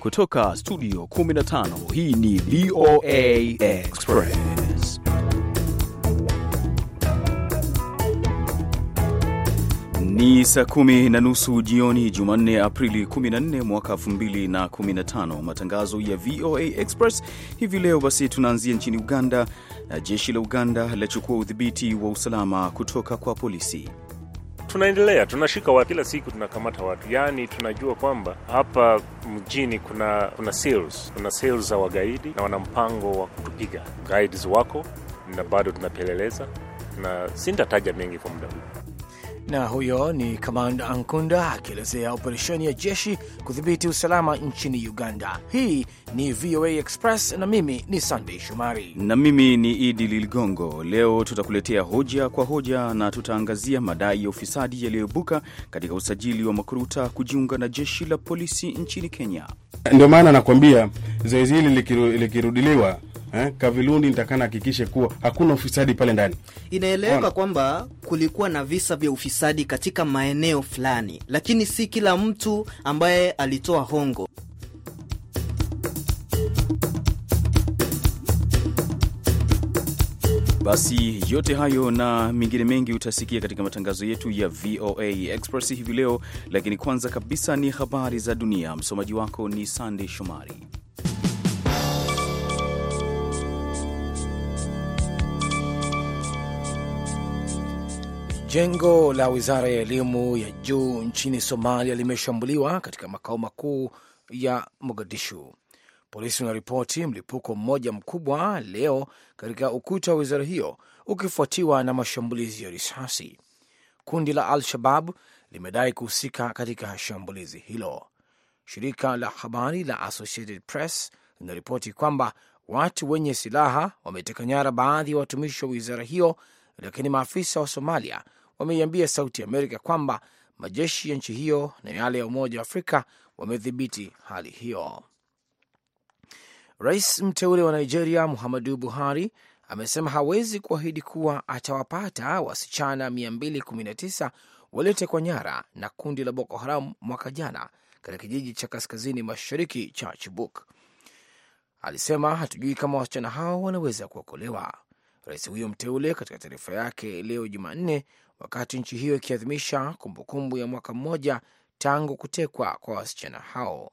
Kutoka studio 15 hii ni VOA Express. Ni saa kumi na nusu jioni Jumanne, Aprili 14 mwaka 2015. Matangazo ya VOA Express hivi leo basi, tunaanzia nchini Uganda. Jeshi la Uganda lachukua udhibiti wa usalama kutoka kwa polisi tunaendelea, tunashika watu kila siku, tunakamata watu. yani tunajua kwamba hapa mjini kuna kuna sales, kuna sales za wagaidi na wana mpango wa kutupiga. Guides wako na bado tunapeleleza, na sintataja mengi kwa muda huu na huyo ni Kamanda Ankunda akielezea operesheni ya jeshi kudhibiti usalama nchini Uganda. Hii ni VOA Express na mimi ni Sandey Shomari na mimi ni Idi Liligongo. Leo tutakuletea hoja kwa hoja na tutaangazia madai ya ufisadi yaliyoibuka katika usajili wa makuruta kujiunga na jeshi la polisi nchini Kenya. Ndio maana nakwambia zoezi hili likirudiliwa eh, Kaviluni nitakaa nahakikishe kuwa hakuna ufisadi pale ndani. Inaeleweka kwamba kulikuwa na visa vya ufisadi katika maeneo fulani, lakini si kila mtu ambaye alitoa hongo Basi yote hayo na mengine mengi utasikia katika matangazo yetu ya VOA Express hivi leo, lakini kwanza kabisa ni habari za dunia. Msomaji wako ni Sandey Shomari. Jengo la wizara ya elimu ya juu nchini Somalia limeshambuliwa katika makao makuu ya Mogadishu. Polisi unaripoti mlipuko mmoja mkubwa leo katika ukuta wa wizara hiyo ukifuatiwa na mashambulizi ya risasi. Kundi la Al-Shabab limedai kuhusika katika shambulizi hilo. Shirika la habari la Associated Press linaripoti kwamba watu wenye silaha wameteka nyara baadhi ya watumishi wa wizara hiyo, lakini maafisa wa Somalia wameiambia Sauti Amerika kwamba majeshi ya nchi hiyo na yale ya Umoja wa Afrika wamedhibiti hali hiyo. Rais mteule wa Nigeria Muhammadu Buhari amesema hawezi kuahidi kuwa atawapata wasichana 219 waliotekwa nyara na kundi la Boko Haram mwaka jana katika kijiji cha kaskazini mashariki cha Chibuk. Alisema hatujui kama wasichana hao wanaweza kuokolewa. Rais huyo mteule katika taarifa yake leo Jumanne wakati nchi hiyo ikiadhimisha kumbukumbu ya mwaka mmoja tangu kutekwa kwa wasichana hao.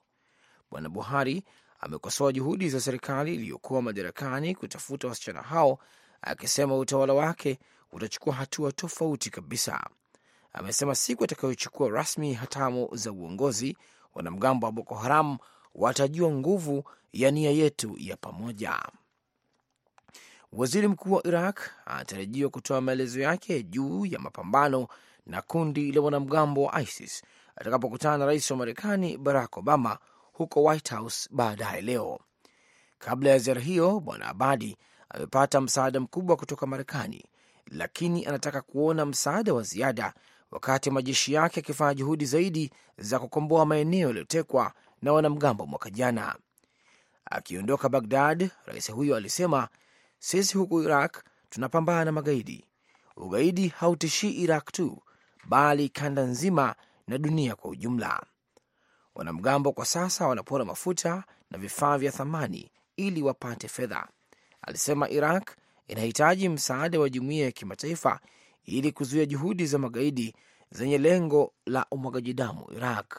Bwana Buhari amekosoa juhudi za serikali iliyokuwa madarakani kutafuta wasichana hao, akisema utawala wake utachukua hatua tofauti kabisa. Amesema siku atakayochukua rasmi hatamu za uongozi, wanamgambo wa Boko Haram watajua nguvu ya nia yetu ya pamoja. Waziri mkuu wa Iraq anatarajiwa kutoa maelezo yake juu ya mapambano na kundi la wanamgambo wa ISIS atakapokutana na rais wa Marekani Barack Obama huko White House baadaye leo. Kabla ya ziara hiyo, Bwana Abadi amepata msaada mkubwa kutoka Marekani, lakini anataka kuona msaada wa ziada wakati majeshi yake yakifanya juhudi zaidi za kukomboa maeneo yaliyotekwa na wanamgambo mwaka jana. Akiondoka Bagdad, rais huyo alisema sisi huku Iraq tunapambana na magaidi. Ugaidi hautishii Iraq tu, bali kanda nzima na dunia kwa ujumla. Wanamgambo kwa sasa wanapora mafuta na vifaa vya thamani ili wapate fedha, alisema. Iraq inahitaji msaada wa jumuiya ya kimataifa ili kuzuia juhudi za magaidi zenye lengo la umwagaji damu Iraq.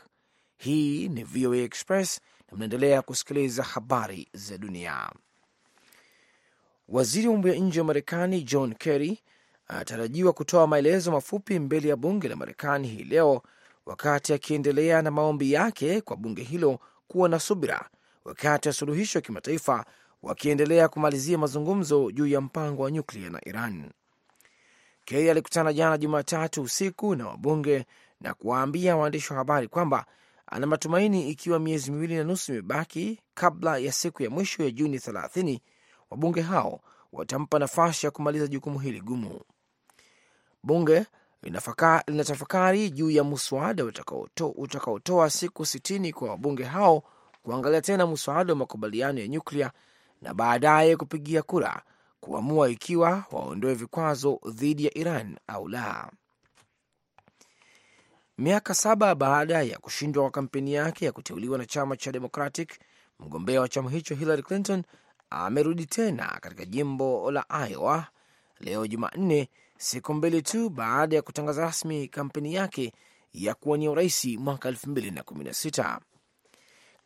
Hii ni VOA Express na mnaendelea kusikiliza habari za dunia. Waziri wa mambo ya nje wa Marekani John Kerry anatarajiwa kutoa maelezo mafupi mbele ya bunge la Marekani hii leo, wakati akiendelea na maombi yake kwa bunge hilo kuwa na subira, wakati wa suluhisho ya kimataifa wakiendelea kumalizia mazungumzo juu ya mpango wa nyuklia na Iran. Kerry alikutana jana Jumatatu usiku na wabunge na kuwaambia waandishi wa habari kwamba ana matumaini, ikiwa miezi miwili na nusu imebaki kabla ya siku ya mwisho ya Juni 30 wabunge hao watampa nafasi ya kumaliza jukumu hili gumu. Bunge linatafakari juu ya muswada utakaotoa siku sitini kwa wabunge hao kuangalia tena muswada wa makubaliano ya nyuklia na baadaye kupigia kura kuamua ikiwa waondoe vikwazo dhidi ya Iran au la. Miaka saba baada ya kushindwa kwa kampeni yake ya kuteuliwa na chama cha Democratic, mgombea wa chama hicho Hillary Clinton amerudi tena katika jimbo la Iowa leo Jumanne, siku mbili tu baada ya kutangaza rasmi kampeni yake ya kuwania urais mwaka sita.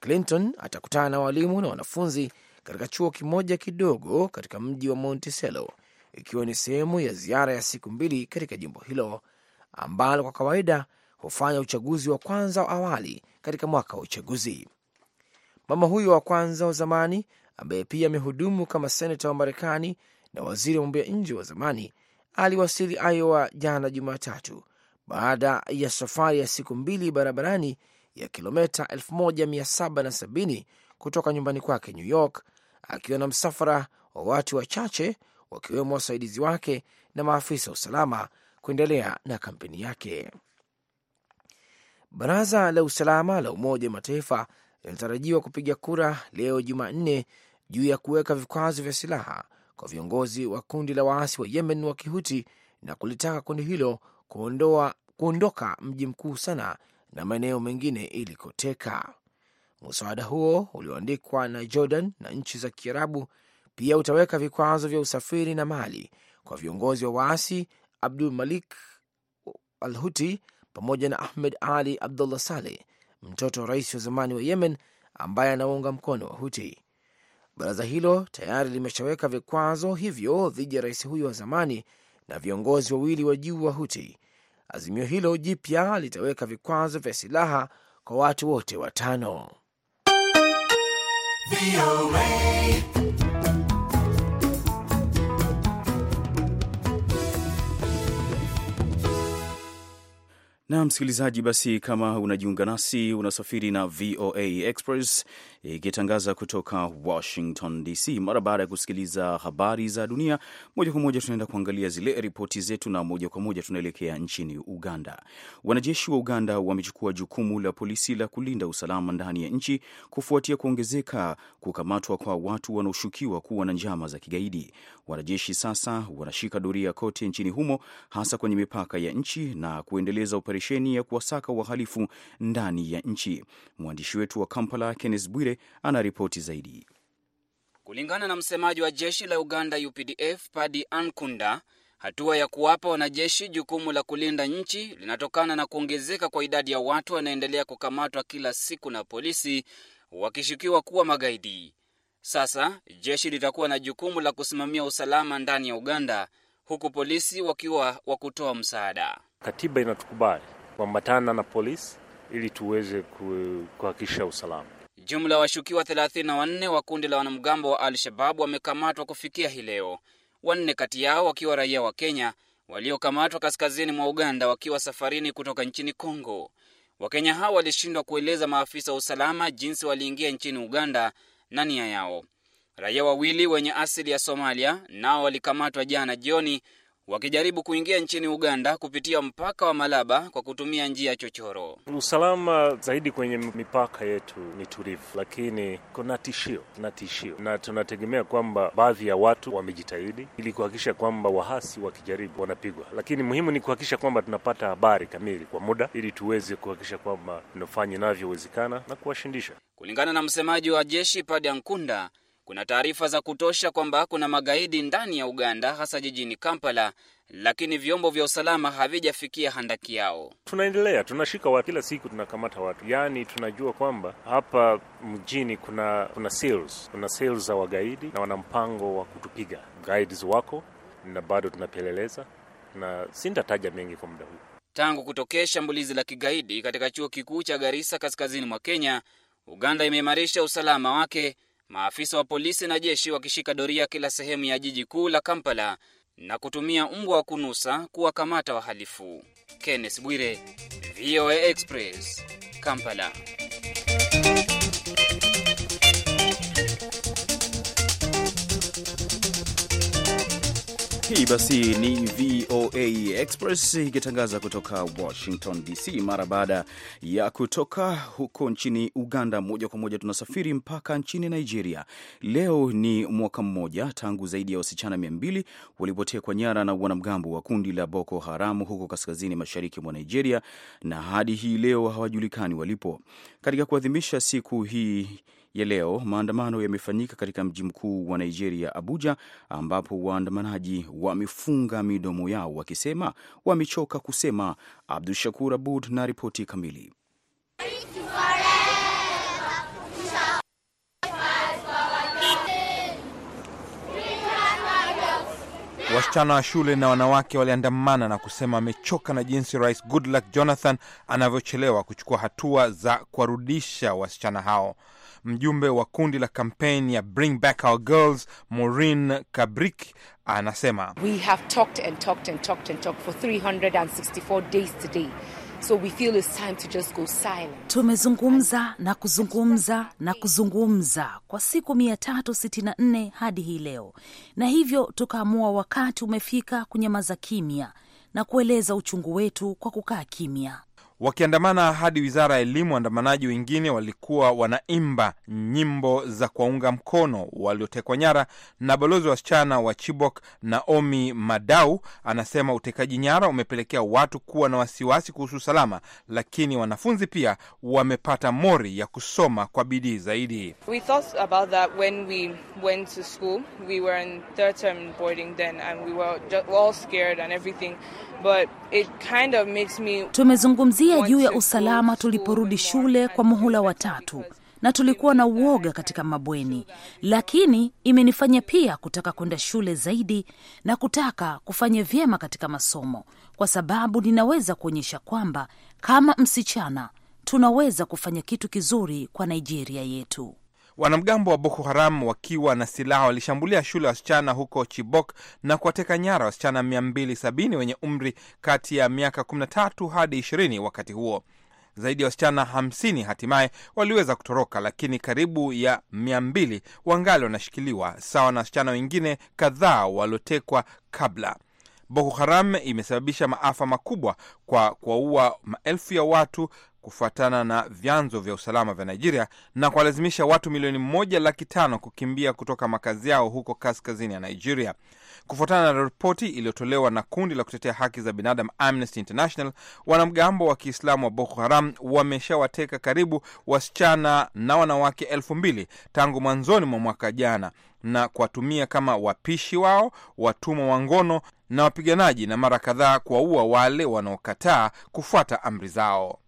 Clinton atakutana na walimu na wanafunzi katika chuo kimoja kidogo katika mji wa Monticello, ikiwa ni sehemu ya ziara ya siku mbili katika jimbo hilo ambalo kwa kawaida hufanya uchaguzi wa kwanza wa awali katika mwaka wa uchaguzi. Mama huyo wa kwanza wa zamani ambaye pia amehudumu kama senata wa Marekani na waziri wa mambo ya nje wa zamani aliwasili Iowa jana Jumatatu baada ya safari ya siku mbili barabarani ya kilometa 1770 kutoka nyumbani kwake New York akiwa na msafara wa watu wachache wakiwemo wasaidizi wake na maafisa wa usalama kuendelea na kampeni yake. Baraza la usalama la Umoja wa Mataifa yanatarajiwa kupiga kura leo Jumanne juu ya kuweka vikwazo vya silaha kwa viongozi wa kundi la waasi wa Yemen wa Kihuti na kulitaka kundi hilo kuondoa, kuondoka mji mkuu Sana na maeneo mengine ilikoteka. Mswada huo ulioandikwa na Jordan na nchi za Kiarabu pia utaweka vikwazo vya usafiri na mali kwa viongozi wa waasi Abdul Malik al Huti pamoja na Ahmed Ali Abdullah Saleh mtoto wa rais wa zamani wa Yemen ambaye anaunga mkono wa Huti. Baraza hilo tayari limeshaweka vikwazo hivyo dhidi ya rais huyo wa zamani na viongozi wawili wa juu wa Huti. Azimio hilo jipya litaweka vikwazo vya silaha kwa watu wote watano. Na msikilizaji, basi kama unajiunga nasi, unasafiri na VOA Express ikitangaza kutoka Washington DC. Mara baada ya kusikiliza habari za dunia moja kwa moja, tunaenda kuangalia zile ripoti zetu, na moja kwa moja tunaelekea nchini Uganda. Wanajeshi wa Uganda wamechukua jukumu la polisi la kulinda usalama ndani ya nchi kufuatia kuongezeka kukamatwa kwa watu wanaoshukiwa kuwa na njama za kigaidi. Wanajeshi sasa wanashika doria kote nchini humo, hasa kwenye mipaka ya nchi na kuendeleza operesheni ya kuwasaka wahalifu ndani ya nchi. Mwandishi wetu wa Kampala, Kenneth Bwire ana ripoti zaidi. Kulingana na msemaji wa jeshi la Uganda UPDF Padi Ankunda, hatua ya kuwapa wanajeshi jukumu la kulinda nchi linatokana na kuongezeka kwa idadi ya watu wanaendelea kukamatwa kila siku na polisi wakishukiwa kuwa magaidi. Sasa jeshi litakuwa na jukumu la kusimamia usalama ndani ya Uganda, huku polisi wakiwa wa kutoa msaada. Katiba inatukubali kuambatana na polisi ili tuweze kuhakikisha usalama. Jumla washukiwa 34 wa kundi la wanamgambo wa Al-Shababu wamekamatwa kufikia hii leo, wanne kati yao wakiwa raia wa Kenya waliokamatwa kaskazini mwa Uganda wakiwa safarini kutoka nchini Kongo. Wakenya hao walishindwa kueleza maafisa wa usalama jinsi waliingia nchini Uganda na nia yao. Raia wawili wenye asili ya Somalia nao walikamatwa jana jioni wakijaribu kuingia nchini Uganda kupitia mpaka wa Malaba kwa kutumia njia chochoro. Usalama zaidi kwenye mipaka yetu ni tulivu, lakini kuna tishio na tishio, na tunategemea kwamba baadhi ya watu wamejitahidi ili kuhakikisha kwamba wahasi wakijaribu wanapigwa, lakini muhimu ni kuhakikisha kwamba tunapata habari kamili kwa muda ili tuweze kuhakikisha kwamba tunafanya inavyowezekana na kuwashindisha. Kulingana na msemaji wa jeshi Padi Ankunda, kuna taarifa za kutosha kwamba kuna magaidi ndani ya Uganda, hasa jijini Kampala, lakini vyombo vya usalama havijafikia handaki yao. Tunaendelea, tunashika watu kila siku, tunakamata watu. Yaani tunajua kwamba hapa mjini kuna kuna sales, kuna sales za wagaidi na wana mpango wa kutupiga guides wako, na bado tunapeleleza na sintataja mengi kwa muda huu. Tangu kutokea shambulizi la kigaidi katika chuo kikuu cha Garissa kaskazini mwa Kenya, Uganda imeimarisha usalama wake maafisa wa polisi na jeshi wakishika doria kila sehemu ya jiji kuu la Kampala na kutumia mbwa wa kunusa kuwakamata wahalifu. Kenneth Bwire, VOA Express, Kampala. Hii basi ni VOA Express ikitangaza kutoka Washington DC. Mara baada ya kutoka huko nchini Uganda, moja kwa moja tunasafiri mpaka nchini Nigeria. Leo ni mwaka mmoja tangu zaidi ya wasichana mia mbili walipotekwa nyara na wanamgambo wa kundi la Boko Haramu huko kaskazini mashariki mwa Nigeria, na hadi hii leo hawajulikani walipo. Katika kuadhimisha siku hii ya leo maandamano yamefanyika katika mji mkuu wa Nigeria, Abuja, ambapo waandamanaji wamefunga midomo yao wakisema wamechoka kusema. Abdu Shakur Abud na ripoti kamili. Wasichana wa shule na wanawake waliandamana na kusema wamechoka na jinsi Rais Goodluck Jonathan anavyochelewa kuchukua hatua za kuwarudisha wasichana hao mjumbe wa kundi la kampeni ya Bring Back Our Girls, Maureen cabrik anasema We have talked and talked and talked and talked for 364 days today. So we feel it's time to just go silent. Tumezungumza na kuzungumza na kuzungumza kwa siku 364 hadi hii leo, na hivyo tukaamua wakati umefika kunyamaza kimya na kueleza uchungu wetu kwa kukaa kimya. Wakiandamana hadi wizara ya elimu, waandamanaji wengine walikuwa wanaimba nyimbo za kuwaunga mkono waliotekwa nyara. Na balozi wa wasichana wa Chibok, Naomi Madau, anasema utekaji nyara umepelekea watu kuwa na wasiwasi kuhusu usalama, lakini wanafunzi pia wamepata mori ya kusoma kwa bidii zaidi. We But it kind of makes me... tumezungumzia juu ya usalama tuliporudi shule kwa muhula wa tatu na tulikuwa na uoga katika mabweni, lakini imenifanya pia kutaka kwenda shule zaidi na kutaka kufanya vyema katika masomo, kwa sababu ninaweza kuonyesha kwamba kama msichana tunaweza kufanya kitu kizuri kwa Nigeria yetu. Wanamgambo wa Boko Haram wakiwa na silaha walishambulia shule ya wasichana huko Chibok na kuwateka nyara wasichana 270 wenye umri kati ya miaka 13 hadi 20. Wakati huo zaidi ya wasichana 50 hatimaye waliweza kutoroka, lakini karibu ya 200 wangali wanashikiliwa, sawa na wasichana wengine kadhaa waliotekwa kabla. Boko Haram imesababisha maafa makubwa kwa kuwaua maelfu ya watu kufuatana na vyanzo vya usalama vya Nigeria na kuwalazimisha watu milioni moja laki tano kukimbia kutoka makazi yao huko kaskazini ya Nigeria. Kufuatana na ripoti iliyotolewa na kundi la kutetea haki za binadamu Amnesty International, wanamgambo wa Kiislamu wa Boko Haram wameshawateka karibu wasichana na wanawake elfu mbili tangu mwanzoni mwa mwaka jana na kuwatumia kama wapishi wao, watumwa wa ngono na wapiganaji na mara kadhaa kuwaua wale wanaokataa kufuata amri zao.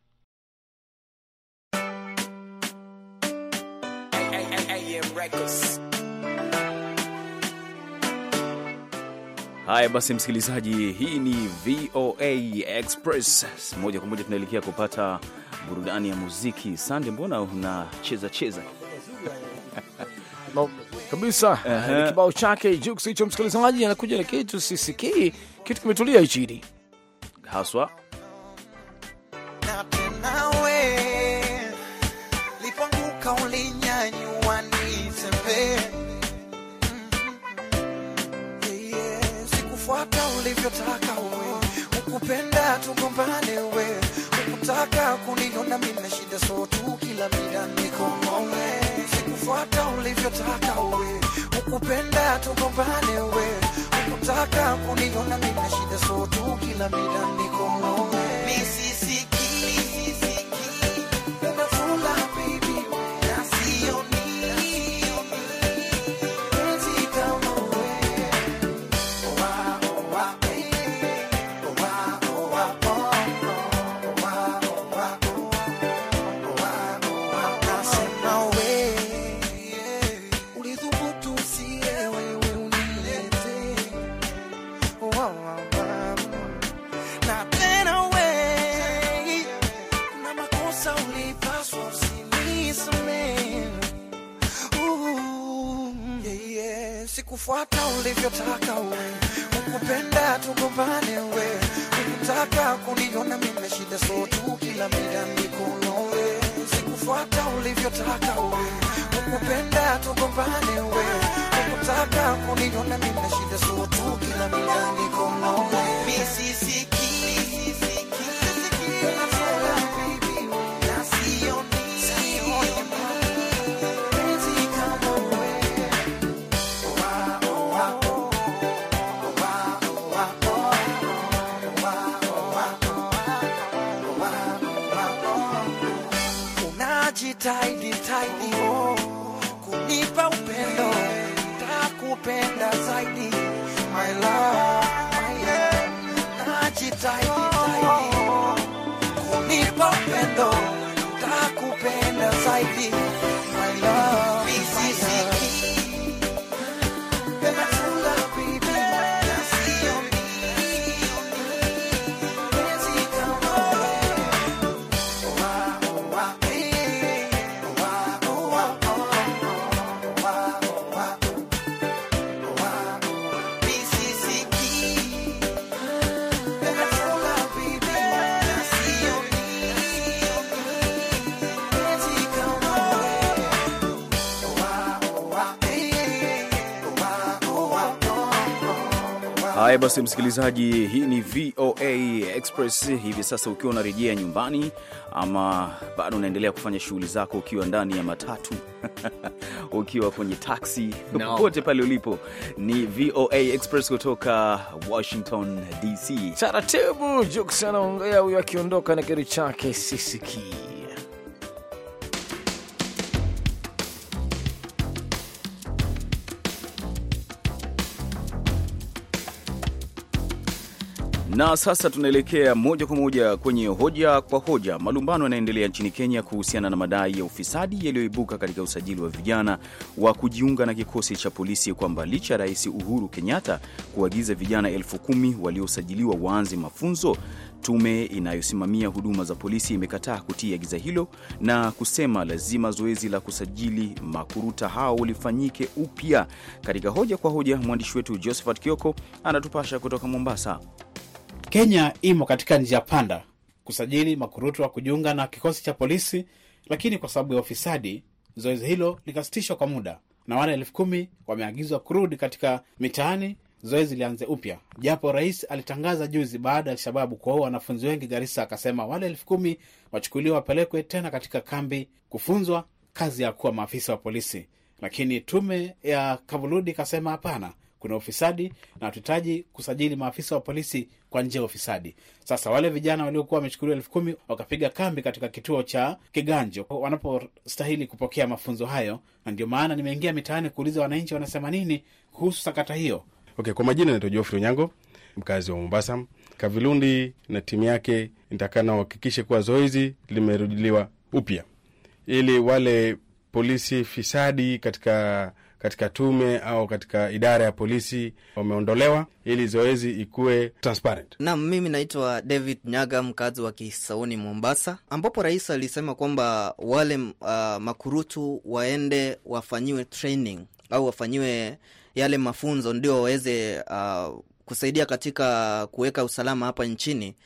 Haya basi, msikilizaji, hii ni VOA Express moja kwa moja, tunaelekea kupata burudani ya muziki. Sande, mbona unacheza cheza? kabisa uh-huh. Kibao chake Jux hicho, msikilizaji anakuja na kitu sisikii kitu kimetulia ichini haswa mm-hmm. ulivyotaka ukupenda tugombane Kutaka kuniona mimi na shida sotu, kila mida niko mwe sikufuata ulivyotaka uwe, ukupenda tukopane we. Kutaka kuniona mimi na shida sotu, kila mida niko mwe Ukitaka uwe ukupenda tugombane, we ukitaka kuniona mimi shida sotu kila mida nikunowe, sikufuata ulivyotaka uwe ukupenda tugombane, we ukitaka kuniona mimi shida sotu kila mida nikunowe misisiki jitahidi jitahidi, oh, kunipa upendo, takupenda zaidi my love, my kunipa upendo, takupenda zaidi my love Haya basi, msikilizaji, hii ni VOA Express. Hivi sasa ukiwa unarejea nyumbani ama bado unaendelea kufanya shughuli zako, ukiwa ndani ya matatu, ukiwa kwenye taksi, popote no. pale ulipo, ni VOA Express kutoka Washington DC. Taratibu Jukson anaongea huyo akiondoka na kiri chake sisikii Na sasa tunaelekea moja kwa moja kwenye hoja kwa hoja. Malumbano yanaendelea nchini Kenya kuhusiana na madai ya ufisadi yaliyoibuka katika usajili wa vijana wa kujiunga na kikosi cha polisi, kwamba licha ya Rais Uhuru Kenyatta kuagiza vijana elfu kumi waliosajiliwa waanze mafunzo, tume inayosimamia huduma za polisi imekataa kutii agiza hilo na kusema lazima zoezi la kusajili makuruta hao lifanyike upya. Katika hoja kwa hoja, mwandishi wetu Josephat Kioko anatupasha kutoka Mombasa. Kenya imo katika njia panda kusajili makurutu kujiunga na kikosi cha polisi, lakini kwa sababu ya ufisadi zoezi hilo likasitishwa kwa muda, na wale elfu kumi wameagizwa kurudi katika mitaani zoezi lianze upya, japo rais alitangaza juzi baada ya Alshababu kuwaua wanafunzi wengi garisa akasema wale elfu kumi wachukuliwa wapelekwe tena katika kambi kufunzwa kazi ya kuwa maafisa wa polisi, lakini tume ya Kavuludi ikasema hapana, kuna ufisadi na tutaji kusajili maafisa wa polisi kwa njia ya ufisadi. Sasa wale vijana waliokuwa wamechukuliwa elfu kumi wakapiga kambi katika kituo cha Kiganjo wanapostahili kupokea mafunzo hayo, na ndio maana nimeingia mitaani kuuliza wananchi wanasema nini kuhusu sakata hiyo. Okay, kwa majina naitwa Jofri unyango mkazi wa Mombasa. Kavilundi na timu yake nitakana wahakikishe kuwa zoezi limerudiliwa upya ili wale polisi fisadi katika katika tume au katika idara ya polisi wameondolewa ili zoezi ikuwe transparent. Naam, mimi naitwa David Nyaga, mkazi wa Kisauni, Mombasa, ambapo rais alisema kwamba wale uh, makurutu waende wafanyiwe training au wafanyiwe yale mafunzo ndio waweze uh, kusaidia katika kuweka usalama hapa nchini.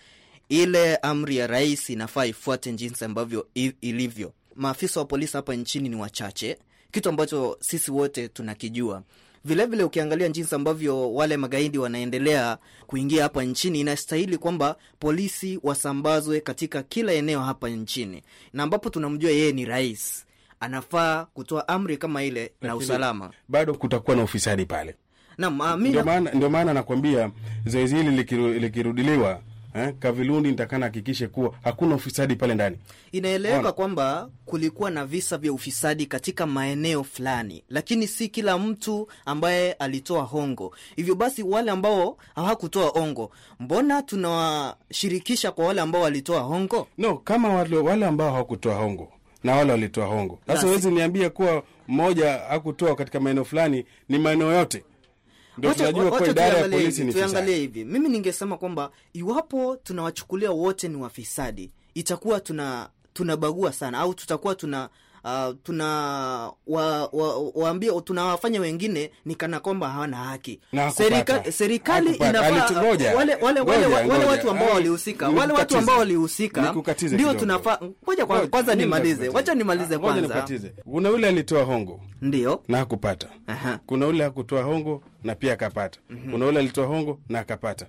Ile amri ya rais inafaa ifuate jinsi ambavyo ilivyo. Maafisa wa polisi hapa nchini ni wachache kitu ambacho sisi wote tunakijua. Vilevile vile ukiangalia jinsi ambavyo wale magaidi wanaendelea kuingia hapa nchini, inastahili kwamba polisi wasambazwe katika kila eneo hapa nchini, na ambapo tunamjua yeye ni rais, anafaa kutoa amri kama ile na, usalama, bado kutakuwa na ufisadi pale. Ah, ndio maana nakwambia zoezi hili likirudiliwa eh, nitakana hakikishe kuwa hakuna ufisadi pale ndani. Inaeleweka kwamba kulikuwa na visa vya ufisadi katika maeneo fulani, lakini si kila mtu ambaye alitoa hongo. Hivyo basi wale ambao hawakutoa hongo, mbona tunawashirikisha kwa wale ambao walitoa hongo? No, kama wale, wale ambao hawakutoa hongo na wale walitoa hongo. Sasa huwezi niambia kuwa mmoja hakutoa katika maeneo fulani, ni maeneo yote tuangalie hivi. Mimi ningesema kwamba iwapo tunawachukulia wote ni wafisadi, itakuwa tuna tunabagua sana au tutakuwa tuna uh, tuna wa, wa, tunawafanya wengine ni kana kwamba hawana haki. serikali inafaa watu ambao walihusika wale watu ambao walihusika ndio tunafaa. kwanza nimalize, wacha nimalize kwanza. Kuna yule alitoa hongo ndio na hakupata. Kuna yule hakutoa hongo na pia akapata. mm -hmm. Kuna ule alitoa hongo na akapata.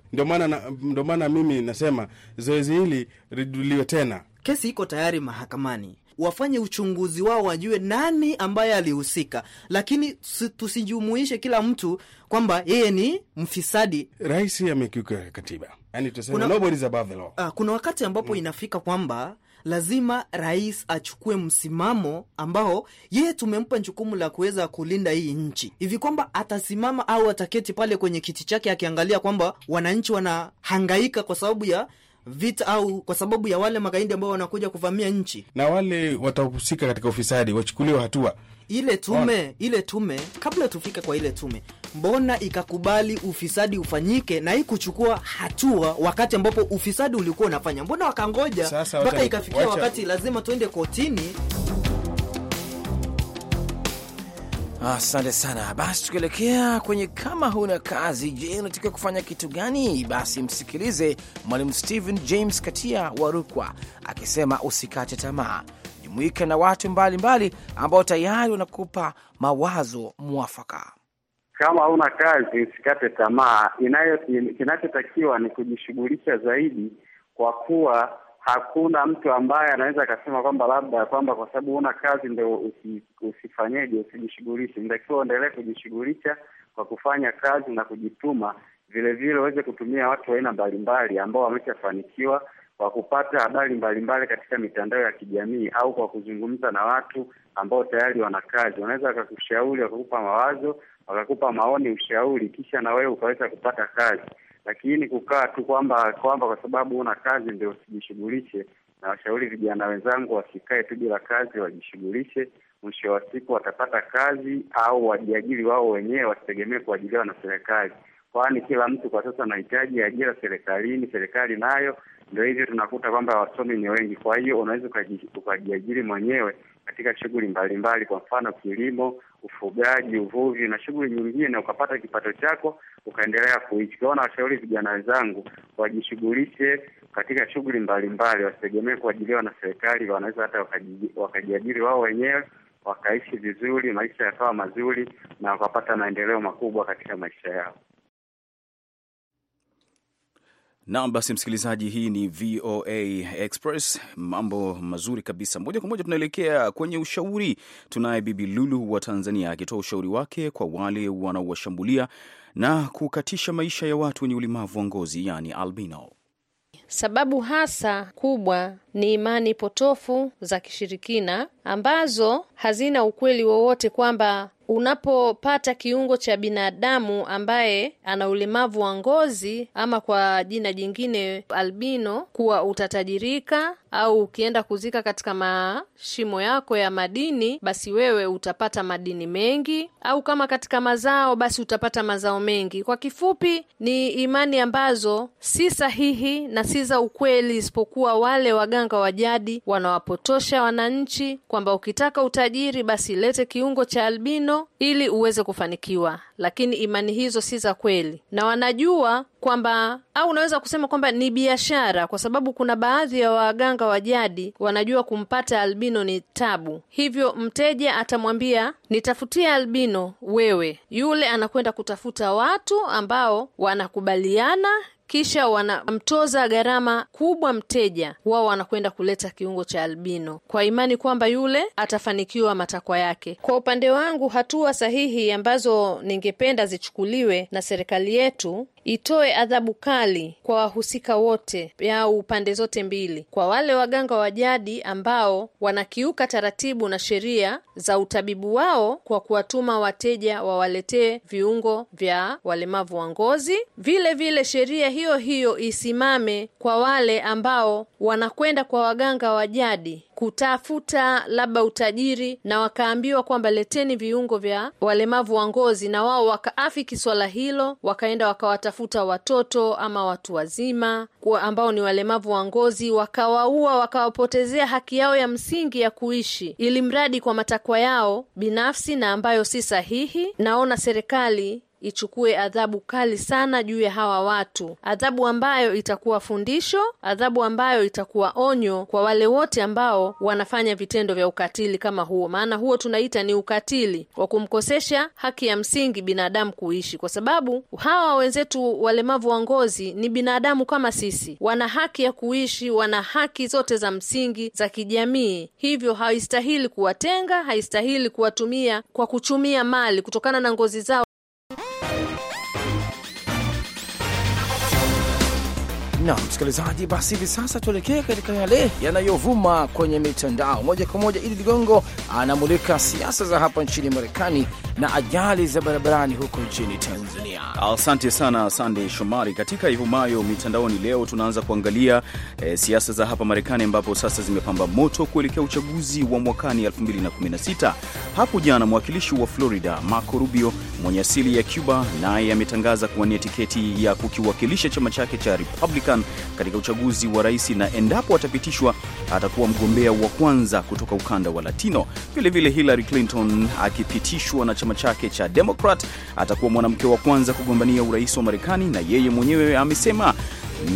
Ndio maana mimi nasema zoezi hili liduliwe tena. Kesi iko tayari mahakamani wafanye uchunguzi wao, wajue nani ambaye alihusika, lakini tusijumuishe kila mtu kwamba yeye ni mfisadi. Rais amekiuka katiba, yani tuseme kuna, nobody's above the law. Uh, kuna wakati ambapo mm, inafika kwamba lazima rais achukue msimamo ambao yeye tumempa jukumu la kuweza kulinda hii nchi, hivi kwamba atasimama au ataketi pale kwenye kiti chake akiangalia kwamba wananchi wanahangaika kwa sababu ya vita au kwa sababu ya wale magaidi ambao wanakuja kuvamia nchi, na wale watahusika katika ufisadi wachukuliwe hatua. Ile tume On. ile tume, kabla tufike kwa ile tume, mbona ikakubali ufisadi ufanyike na hii kuchukua hatua wakati ambapo ufisadi ulikuwa unafanya? Mbona wakangoja mpaka ikafikia wakati lazima tuende kotini? Asante sana. Basi tukielekea kwenye kama huna kazi, je, unatakiwa kufanya kitu gani? Basi msikilize Mwalimu Stephen James Katia wa Rukwa akisema usikate tamaa, jumuika na watu mbalimbali ambao tayari wanakupa mawazo mwafaka. Kama huna kazi, usikate tamaa. Kinachotakiwa ni kujishughulisha zaidi, kwa kuwa hakuna mtu ambaye anaweza akasema kwamba labda ya kwamba kwa sababu una kazi ndo usi, usifanyeje usijishughulishe. Inatakiwa uendelee kujishughulisha kwa kufanya kazi na kujituma, vilevile uweze kutumia watu wa aina mbalimbali ambao wameshafanikiwa kwa kupata habari mbalimbali katika mitandao ya kijamii au kwa kuzungumza na watu ambao tayari wana kazi, wanaweza wakakushauri, wakakupa mawazo, wakakupa maoni, ushauri, kisha na wewe ukaweza kupata kazi lakini kukaa tu kwamba kwamba kwa sababu una kazi ndio usijishughulishe, na washauri vijana wenzangu wasikae tu bila kazi, wajishughulishe. Mwisho wa siku watapata kazi au wajiajiri wao wenyewe, wasitegemee kuajiliwa na serikali, kwani kila mtu kwa sasa anahitaji ajira serikalini. Serikali nayo ndio hivyo, tunakuta kwamba wasomi ni wengi, kwa hiyo unaweza ukajiajiri mwenyewe katika shughuli mbalimbali, kwa mfano kilimo ufugaji, uvuvi na shughuli nyingine, na ukapata kipato chako ukaendelea kuishi. Kwa na washauri vijana wenzangu wajishughulishe katika shughuli mbalimbali, wasitegemee kuajiliwa na serikali, wanaweza hata wakajiajiri wao wenyewe wakaishi vizuri, maisha yakawa mazuri na wakapata maendeleo makubwa katika maisha yao. Naam, basi msikilizaji, hii ni VOA Express, mambo mazuri kabisa. Moja kwa moja tunaelekea kwenye ushauri. Tunaye Bibi Lulu wa Tanzania akitoa ushauri wake kwa wale wanaowashambulia na kukatisha maisha ya watu wenye ulemavu wa ngozi, yani albino. Sababu hasa kubwa ni imani potofu za kishirikina ambazo hazina ukweli wowote kwamba unapopata kiungo cha binadamu ambaye ana ulemavu wa ngozi ama kwa jina jingine albino, kuwa utatajirika au ukienda kuzika katika mashimo yako ya madini, basi wewe utapata madini mengi, au kama katika mazao, basi utapata mazao mengi. Kwa kifupi, ni imani ambazo si sahihi na si za ukweli, isipokuwa wale waga waganga wa jadi wanawapotosha wananchi kwamba ukitaka utajiri basi lete kiungo cha albino ili uweze kufanikiwa, lakini imani hizo si za kweli, na wanajua kwamba au unaweza kusema kwamba ni biashara, kwa sababu kuna baadhi ya waganga wa jadi wanajua kumpata albino ni tabu. Hivyo mteja atamwambia nitafutia albino wewe, yule anakwenda kutafuta watu ambao wanakubaliana kisha wanamtoza gharama kubwa mteja, wao wanakwenda kuleta kiungo cha albino kwa imani kwamba yule atafanikiwa matakwa yake. Kwa upande wangu, hatua sahihi ambazo ningependa zichukuliwe na serikali yetu itoe adhabu kali kwa wahusika wote au pande zote mbili, kwa wale waganga wa jadi ambao wanakiuka taratibu na sheria za utabibu wao kwa kuwatuma wateja wawaletee viungo vya walemavu wa ngozi. Vile vile sheria hiyo hiyo isimame kwa wale ambao wanakwenda kwa waganga wa jadi kutafuta labda utajiri na wakaambiwa kwamba leteni viungo vya walemavu wa ngozi, na wao wakaafiki swala hilo, wakaenda wakawatafuta watoto ama watu wazima ambao ni walemavu wa ngozi, wakawaua, wakawapotezea haki yao ya msingi ya kuishi, ili mradi kwa matakwa yao binafsi na ambayo si sahihi. Naona serikali ichukue adhabu kali sana juu ya hawa watu, adhabu ambayo itakuwa fundisho, adhabu ambayo itakuwa onyo kwa wale wote ambao wanafanya vitendo vya ukatili kama huo. Maana huo tunaita ni ukatili wa kumkosesha haki ya msingi binadamu kuishi, kwa sababu hawa wenzetu walemavu wa ngozi ni binadamu kama sisi, wana haki ya kuishi, wana haki zote za msingi za kijamii. Hivyo haistahili kuwatenga, haistahili kuwatumia kwa kuchumia mali kutokana na ngozi zao. Na msikilizaji, basi hivi sasa tuelekee katika yale yanayovuma kwenye mitandao moja kwa moja. Idi Ligongo anamulika siasa za hapa nchini Marekani na ajali za barabarani huko nchini Tanzania. Asante sana Sandey Shomari. Katika ivumayo mitandaoni leo tunaanza kuangalia e, siasa za hapa Marekani ambapo sasa zimepamba moto kuelekea uchaguzi wa mwakani 2016 hapo jana mwakilishi wa Florida Marco Rubio mwenye asili ya Cuba naye ametangaza kuwania tiketi ya kukiwakilisha chama chake cha Republican katika uchaguzi wa rais, na endapo atapitishwa atakuwa mgombea wa kwanza kutoka ukanda wa Latino. Vilevile Hillary Clinton akipitishwa na chama chake cha Democrat atakuwa mwanamke wa kwanza kugombania urais wa Marekani, na yeye mwenyewe amesema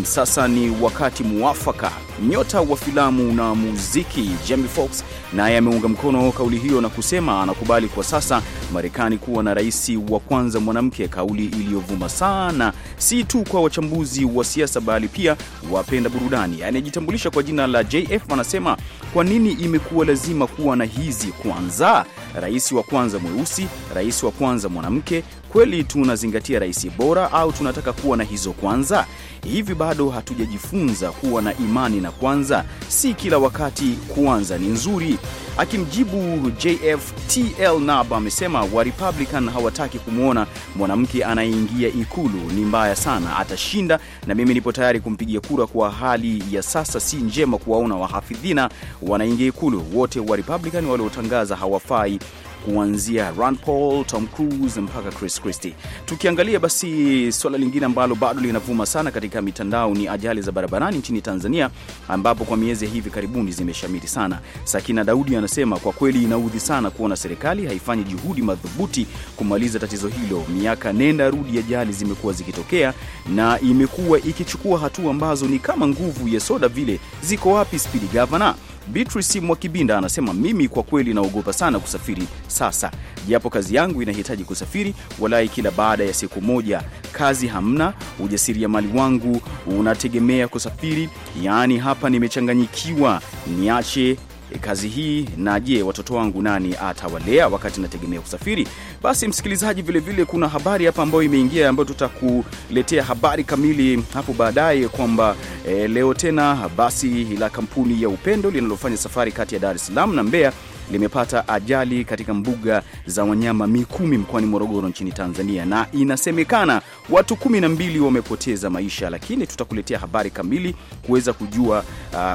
sasa ni wakati muwafaka Nyota wa filamu na muziki Jamie Foxx naye ameunga mkono kauli hiyo na kusema anakubali kwa sasa Marekani kuwa na rais wa kwanza mwanamke, kauli iliyovuma sana, si tu kwa wachambuzi wa siasa, bali pia wapenda burudani. Anayejitambulisha kwa jina la JF anasema kwa nini imekuwa lazima kuwa na hizi kwanza? Rais wa kwanza mweusi, rais wa kwanza mwanamke, kweli tunazingatia rais bora au tunataka kuwa na hizo kwanza? Hivi bado hatujajifunza kuwa na imani na kwanza? Si kila wakati kwanza ni nzuri. Akimjibu JFTL Nab amesema wa Republican hawataki kumwona mwanamke anayeingia Ikulu. Ni mbaya sana, atashinda, na mimi nipo tayari kumpigia kura. Kwa hali ya sasa, si njema kuwaona wahafidhina wanaingia Ikulu. Wote wa Republican waliotangaza hawafai kuanzia Rand Paul, Tom Cruise mpaka Chris Christie. Tukiangalia basi swala lingine ambalo bado linavuma sana katika mitandao ni ajali za barabarani nchini Tanzania, ambapo kwa miezi hivi karibuni zimeshamiri sana. Sakina Daudi anasema kwa kweli inaudhi sana kuona serikali haifanyi juhudi madhubuti kumaliza tatizo hilo. Miaka nenda rudi ajali zimekuwa zikitokea na imekuwa ikichukua hatua ambazo ni kama nguvu ya soda vile. Ziko wapi speed governor? Beatrice Mwakibinda anasema mimi kwa kweli naogopa sana kusafiri sasa, japo kazi yangu inahitaji kusafiri, walai kila baada ya siku moja. Kazi hamna, ujasiriamali wangu unategemea kusafiri, yaani hapa nimechanganyikiwa, niache E, kazi hii, na je, watoto wangu nani atawalea wakati nategemea kusafiri? Basi msikilizaji, vilevile vile kuna habari hapa ambayo imeingia ambayo tutakuletea habari kamili hapo baadaye kwamba e, leo tena basi la kampuni ya Upendo linalofanya safari kati ya Dar es Salaam na Mbeya limepata ajali katika mbuga za wanyama Mikumi mkoani Morogoro nchini Tanzania, na inasemekana watu kumi na mbili wamepoteza maisha, lakini tutakuletea habari kamili kuweza kujua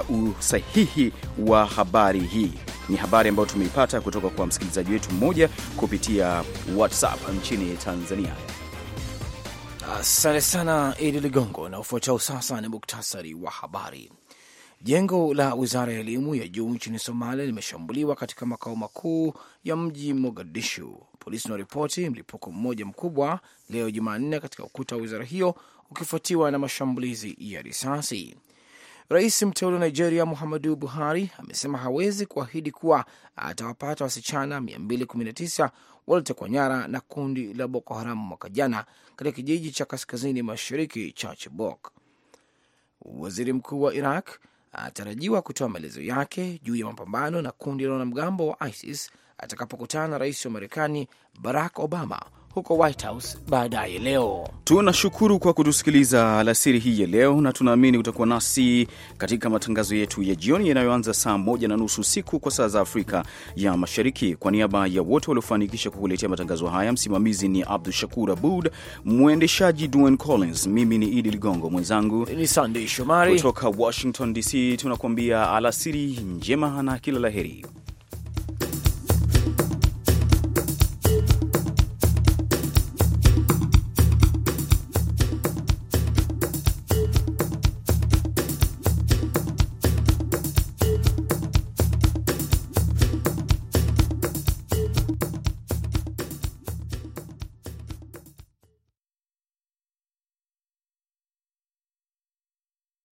uh, usahihi wa habari hii. Ni habari ambayo tumeipata kutoka kwa msikilizaji wetu mmoja kupitia WhatsApp nchini Tanzania. Asante sana Idi Ligongo, na ufuatao sasa ni muktasari wa habari. Jengo la wizara ya elimu ya juu nchini Somalia limeshambuliwa katika makao makuu ya mji Mogadishu. Polisi wanaripoti mlipuko mmoja mkubwa leo Jumanne katika ukuta wa wizara hiyo ukifuatiwa na mashambulizi ya risasi. Rais mteule wa Nigeria Muhammadu Buhari amesema hawezi kuahidi kuwa atawapata wasichana 219 waliotekwa nyara na kundi la Boko Haramu mwaka jana katika kijiji cha kaskazini mashariki cha Chibok. Waziri mkuu wa Iraq anatarajiwa kutoa maelezo yake juu ya mapambano na kundi la wanamgambo wa ISIS atakapokutana na rais wa Marekani Barack Obama huko White House baadaye leo. Tunashukuru kwa kutusikiliza alasiri hii ya leo, na tunaamini utakuwa nasi katika matangazo yetu ya jioni yanayoanza saa moja na nusu usiku kwa saa za Afrika ya Mashariki. Kwa niaba ya wote waliofanikisha kukuletea matangazo haya, msimamizi ni Abdu Shakur Abud, mwendeshaji Dwayne Collins, mimi ni Idi Ligongo, mwenzangu ni Sandey Shomari kutoka Washington DC. Tunakuambia alasiri njema na kila laheri